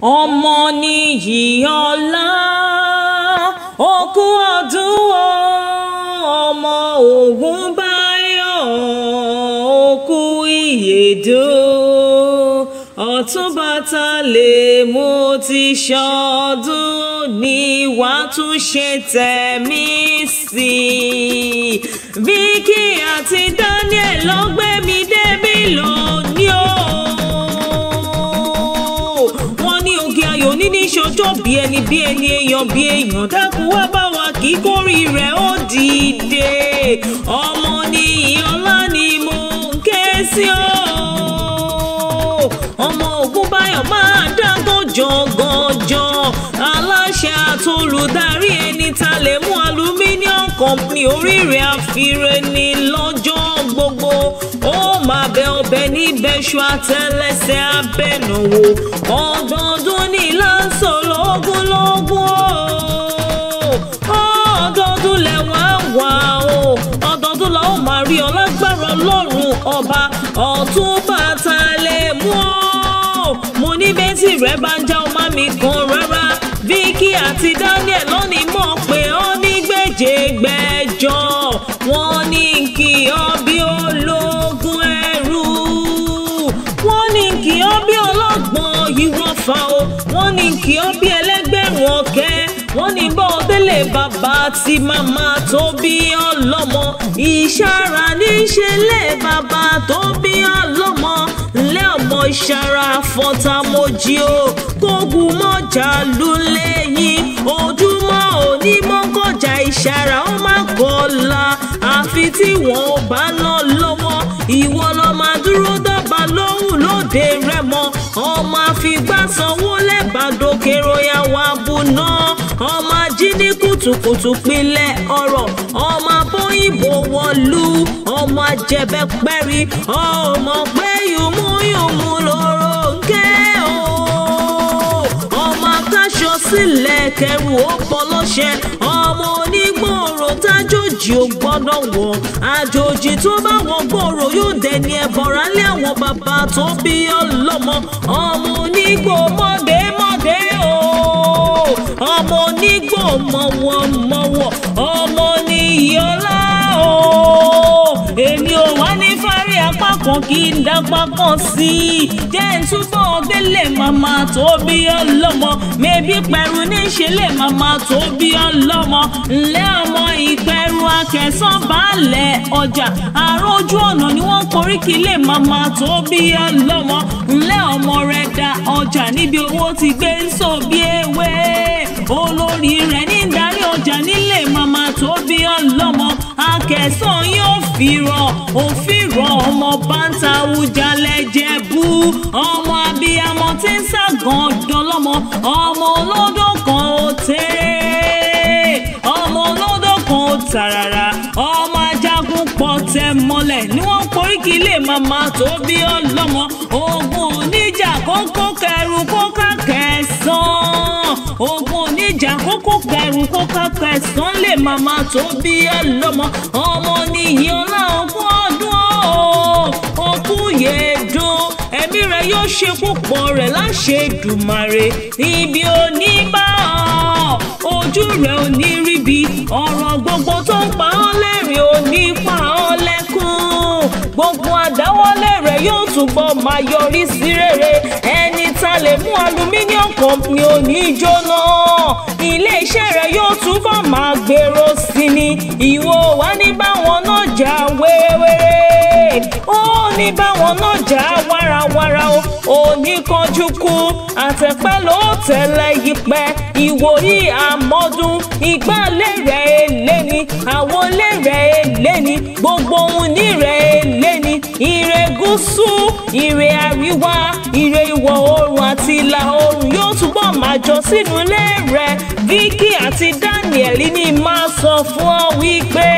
ọmọ nìyí ọlá òkú ọdún o ọmọ ògún báyọ̀ òkú ìyèdò ọ̀tún bàtà lè mú ti ṣọdún ní wàá tún ṣe tẹ̀mí sí i Vicky àti Daniel ló mi débi lónìí. jó bí ẹni bí ẹni èèyàn bí èèyàn dákun wá bá wa kí kórì rẹ̀ ó dìde ọmọ ni ìyọlá ni mo ń ké sí o ọmọ Ògúnbáyọ̀ máa dágbọ́n jọ̀gànjọ̀ aláṣẹ àtolùdarí ẹni ta lè mú aluminium company oríire àfirẹ́ ni lọ́jọ́ gbogbo ó máa bẹ ọbẹ̀ níbẹ̀ ṣu àtẹlẹsẹ̀ abẹ́nàwó ọgbọ́n ọdún. ọba ọ̀tún bàtà lè mú ọ́ mo ní bẹ́sì rẹ̀ bá ń já ọmọ mi kan rárá Vicky àti Daniel lónìí mọ̀ pé ó ní gbèjègbèjọ wọ́n ní kí ọ bí ológun ẹrú wọ́n ní kí ọ bí ọlọ́gbọ́n yìí fa o wọ́n ní kí ọ bí ẹlẹ́gbẹ̀rún ọ̀kẹ́ wọ́n ní bọ́ délé bàbá tí màmá tó bí ọlọ́mọ ìṣara níṣẹ́ lé bàbá tó bí ọlọ́mọ lé ọmọ ìṣara fọtamọ́jì o kógun mọ́jà lulẹ̀ yín ojúmọ́ òní mọ́kànjà ìṣara ó má kọ́la àfi tí wọ́n ò bá lọ lọ́wọ́ ìwọ lọ́ọ́ máa dúró dọ́ba lóhùn lóde rẹ̀ mọ́ ọmọ àfigbá sanwó lẹ́bàá dókè royal wabu náà ọmọ ajínigbé kùtùkùtù pilẹ̀ ọ̀rọ̀ ọmọ abóyìnbó wọ̀lú ọmọ ajẹbẹpẹ́rí ọmọ pé yùmúyùmú lóró ń ké o ọmọ akáṣọ sílẹ̀ kẹrù ó pọ̀ lọ́ṣẹ ọmọ onígbòòrò tájòjì ò gbọ́dọ̀ wọ̀ àjòjì tó bá wọ gbòòrò yóò dẹni ẹ̀bọ̀rà lé àwọn bàbá tó bí ọlọ́mọ ọmọ onígbòòmọ́dé ọmọ onígbò mọ̀wọ̀ mọ̀wọ̀ ọmọ níyọlá o èmi ò wá ní fárí apá kan kí n dápá kan sí i jẹ́ ń túbọ̀ gbélé màmá tó bí ọlọ́mọ mẹ́bí pẹ̀rù níṣẹ́ lè màmá tó bí ọlọ́mọ ńlẹ́ ọmọ ìpẹ̀rù akẹ́sán ọjà àárọ̀ ojú ọ̀nà ni wọ́n koríki lè màmá tó ọlọ́mọ ńlẹ́ ọmọ rẹ̀ da ọjà níbi owó ti gbé ń sọ bí ẹ̀san yín ò fi rọ̀ ò fi rọ̀ ọmọ báńtà Awùjalẹ̀ Jẹ̀bú ọmọ abiyamọ tí ń ṣàgàn dọlọ́mọ ọmọ olódò kan ò tẹ́rẹ́ ọmọ olódò kan ò tàràrà ọmọ ajagun pọ̀ tẹ̀ mọ́lẹ̀ ni wọ́n poríkì ilé màmá tó bí ọlọ́mọ ó ẹ̀rù kó pápá ẹ̀sán lè màmá tó bí ẹ lọ́mọ ọmọ nìyí ọlá ogún ọdún ogún yèédún ẹ̀mí rẹ̀ yóò ṣe púpọ̀ rẹ̀ láṣẹ dùmarè níbi òní bá ojú rẹ̀ ò ní ríbi ọ̀rọ̀ gbogbo tó ń pa ọ́ lẹ́rìn ò ní pa ọ́ lẹ́kún gbogbo àdáwọ́lé rẹ̀ yóò túbọ̀ máa yọrí sí rere ẹni tá lè mú alumíníọ̀n kan ni ò ní jóná ó túbọ̀ máa gbèrò sí ni ìwọ wá ní báwọn náà jà wéréwéré ó ní báwọn náà jà wárawára o ò ní kanjú kú àtẹ̀pẹ́ ló tẹ̀lé yípẹ́ ìwòyí àmọ́dún ìgbàlẹ̀ rẹ̀ èlé ni àwọlé rẹ̀ èlé ni gbogbo ohun ní rẹ̀ èlé ni ìrẹ̀ gúúsù ìrẹ̀ àríwá ìrẹ̀ ìwọ̀ oòrùn àti ìlà oòrùn máa jọ sínú ilé rẹ̀ Vicky àti Daniel ní máa sọ fún ọ wípé.